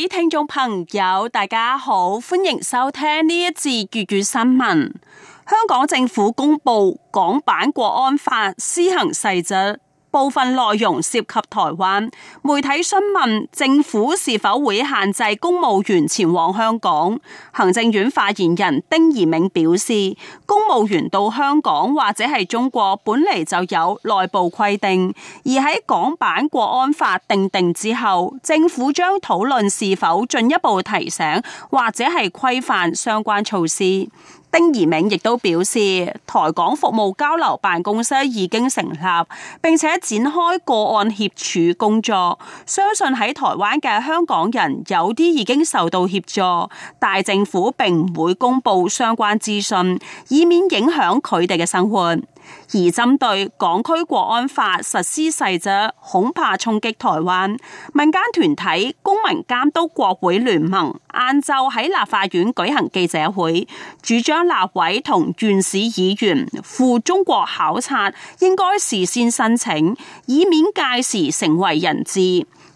各位聽眾朋友，大家好，歡迎收聽呢一次粵語新聞。香港政府公布港版國安法施行細則。部分內容涉及台灣，媒體詢問政府是否會限制公務員前往香港，行政院發言人丁怡銘表示，公務員到香港或者係中國本嚟就有內部規定，而喺港版國安法定定之後，政府將討論是否進一步提醒或者係規範相關措施。丁怡銘亦都表示，台港服務交流辦公室已經成立，並且展開個案協處工作。相信喺台灣嘅香港人有啲已經受到協助，大政府並唔會公布相關資訊，以免影響佢哋嘅生活。而針對港區國安法實施細則，恐怕衝擊台灣民間團體公民監督國會聯盟，晏晝喺立法院舉行記者會，主張立委同縣市議員赴中國考察應該事先申請，以免屆時成為人質。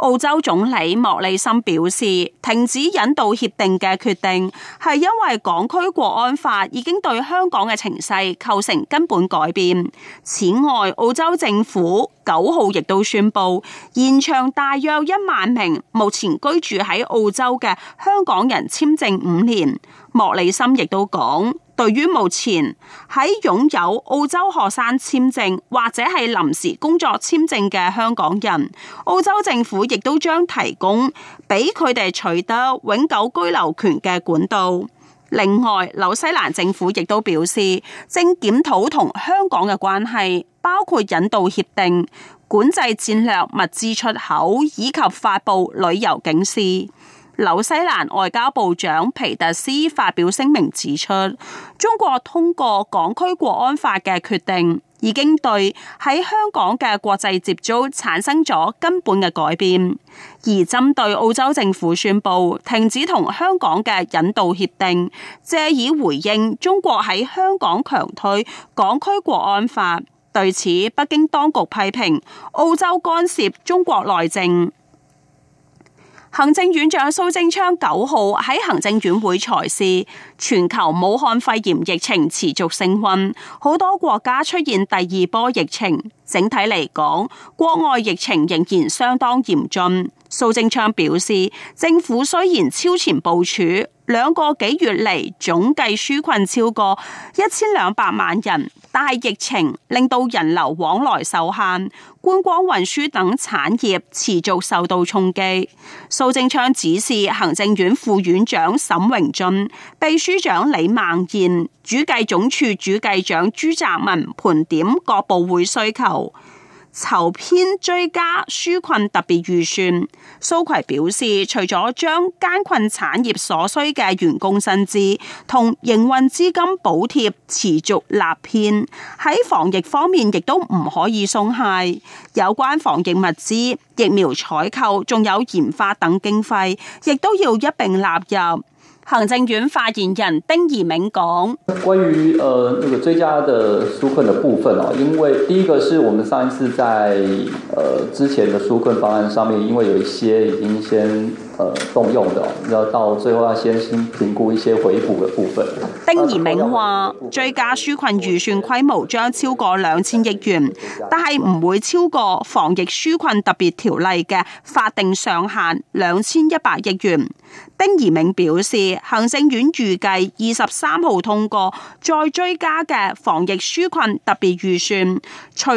澳洲總理莫里森表示，停止引渡協定嘅決定係因為港區國安法已經對香港嘅情勢構成根本改變。此外，澳洲政府九號亦都宣布延長大約一萬名目前居住喺澳洲嘅香港人簽證五年。莫里森亦都講。對於目前喺擁有澳洲學生簽證或者係臨時工作簽證嘅香港人，澳洲政府亦都將提供俾佢哋取得永久居留權嘅管道。另外，紐西蘭政府亦都表示，正檢討同香港嘅關係，包括引渡協定、管制戰略物資出口以及發佈旅遊警示。紐西蘭外交部長皮特斯發表聲明指出，中國通過港區國安法嘅決定，已經對喺香港嘅國際接觸產生咗根本嘅改變。而針對澳洲政府宣布停止同香港嘅引渡協定，借以回應中國喺香港強推港區國安法，對此北京當局批評澳洲干涉中國內政。行政院長蘇貞昌九號喺行政院會裁示，全球武漢肺炎疫情持續升溫，好多國家出現第二波疫情。整體嚟講，國外疫情仍然相當嚴峻。蘇貞昌表示，政府雖然超前部署。兩個幾月嚟，總計紓困超過一千兩百萬人，但係疫情令到人流往來受限，觀光運輸等產業，業持續受到衝擊。蘇貞昌指示行政院副院長沈榮津、秘書長李孟賢、主計總處主計長朱澤文盤點各部會需求。籌編追加紓困特別預算，蘇揆表示，除咗將艱困產業所需嘅員工薪資同營運資金補貼持續立編，喺防疫方面亦都唔可以鬆懈。有關防疫物資、疫苗採購、仲有研發等經費，亦都要一併納入。行政院發言人丁怡銘講，關於呃那個追加的紓困的部分啊，因為第一個是我們上一次在呃之前的紓困方案上面，因為有一些已經先。呃，動用的要到最後要先先評估一些回補嘅部分。丁怡銘話，追加紓困預算規模將超過兩千億元， 但係唔會超過防疫紓困特別條例嘅法定上限兩千一百億元。丁怡銘表示，行政院預計二十三號通過再追加嘅防疫紓困特別預算，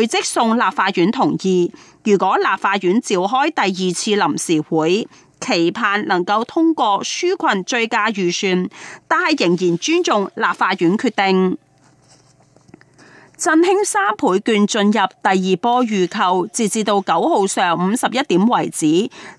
隨即送立法院同意。如果立法院召開第二次臨時會，期盼能夠通過紓困追加預算，但係仍然尊重立法院決定。振興三倍券進入第二波預購，截至到九號上午十一點為止，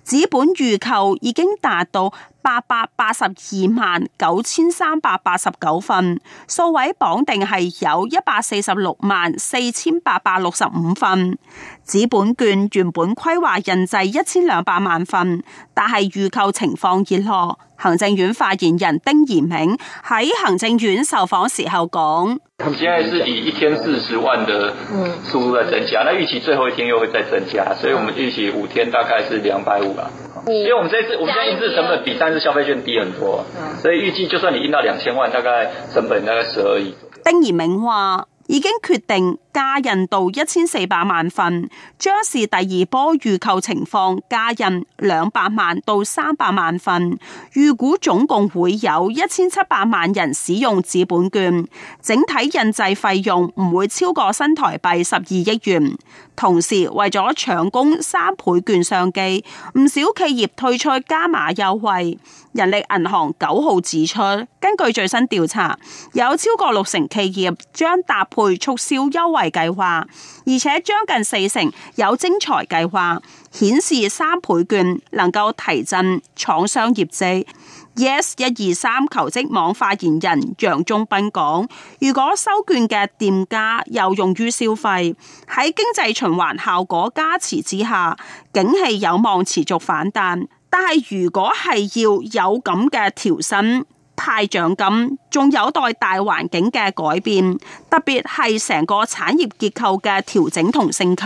紙本預購已經達到。八百八十二萬九千三百八十九份，數位綁定係有一百四十六萬四千八百六十五份，紙本券原本規劃印製一千兩百萬份，但係預購情況熱絡。行政院發言人丁怡銘喺行政院受訪時候講：我們現在是以一天四十萬的速度在增加，那預期最後一天又會再增加，所以我們預期五天大概是兩百五啊。因為我們這次，我們這次成本比上次消費券低很多，所以預計就算你印到兩千萬，大概成本大概十二億。丁怡銘話已經決定。加印到一千四百萬份，將是第二波預購情況加印兩百萬到三百萬份，預估總共會有一千七百萬人使用紙本券，整體印製費用唔會超過新台幣十二億元。同時為咗搶攻三倍券商機，唔少企業退出加碼優惠。人力銀行九號指出，根據最新調查，有超過六成企業將搭配促銷優惠。計劃，而且將近四成有徵才計劃，顯示三倍券能夠提振廠商業績。Yes 一二三求職網發言人楊忠斌講，如果收券嘅店家又用於消費，喺經濟循環效果加持之下，景氣有望持續反彈。但係如果係要有咁嘅調薪。派獎金仲有待大環境嘅改變，特別係成個產業結構嘅調整同升級。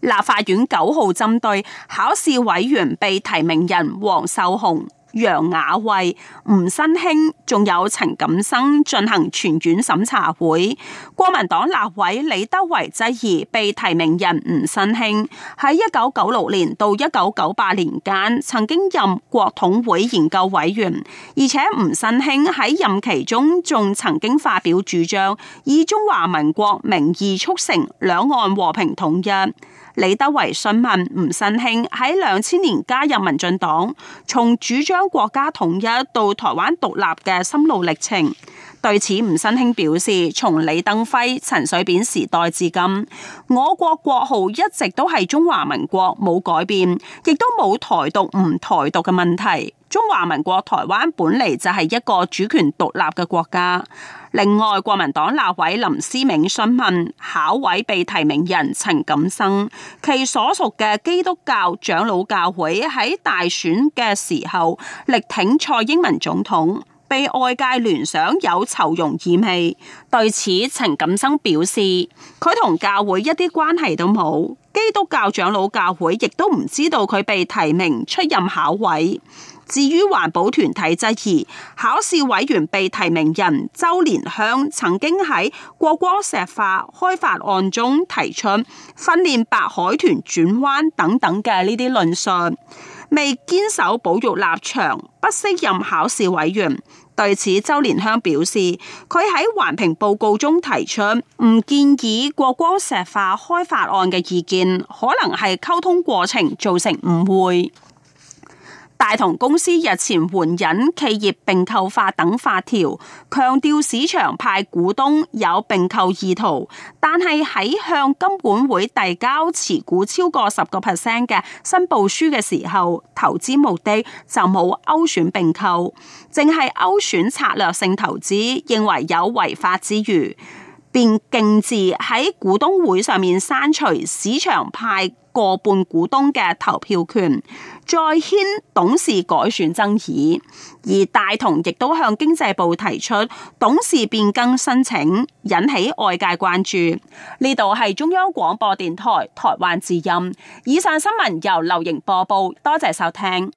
立法院九號針對考試委員被提名人黃秀紅。楊雅慧、吳新興，仲有陳錦生進行全院審查會。國民黨立委李德維質疑被提名人吳新興，喺一九九六年到一九九八年間，曾經任國統會研究委員。而且吳新興喺任期中，仲曾經發表主張，以中華民國名義促成兩岸和平統一。李德維詢問吳新興喺兩千年加入民進黨，從主張國家統一到台灣獨立嘅心路歷程。對此，吳新興表示：從李登輝、陳水扁時代至今，我國國號一直都係中華民國，冇改變，亦都冇台獨、唔台獨嘅問題。中華民國台灣本嚟就係一個主權獨立嘅國家。另外，國民黨立委林思銘詢問考委被提名人陳錦生，其所屬嘅基督教長老教會喺大選嘅時候力挺蔡英文總統。被外界聯想有酬庸意味，對此陳錦生表示，佢同教會一啲關係都冇，基督教長老教會亦都唔知道佢被提名出任考委。至於環保團體質疑考試委員被提名人周連香曾經喺國光石化開發案中提出訓練白海豚轉彎等等嘅呢啲論述。未堅守保育立場，不適任考試委員。對此，周蓮香表示，佢喺環評報告中提出唔建議國光石化開發案嘅意見，可能係溝通過程造成誤會。大同公司日前援引企業并購法等法條，強調市場派股東有并購意圖，但係喺向金管會遞交持股超過十個 percent 嘅申報書嘅時候，投資目的就冇勾選并購，淨係勾選策略性投資，認為有違法之余，便徑自喺股東會上面刪除市場派。過半股東嘅投票權再掀董事改選爭議，而大同亦都向經濟部提出董事變更申請，引起外界關注。呢度係中央廣播電台台灣之音，以上新聞由劉瑩播報，多謝收聽。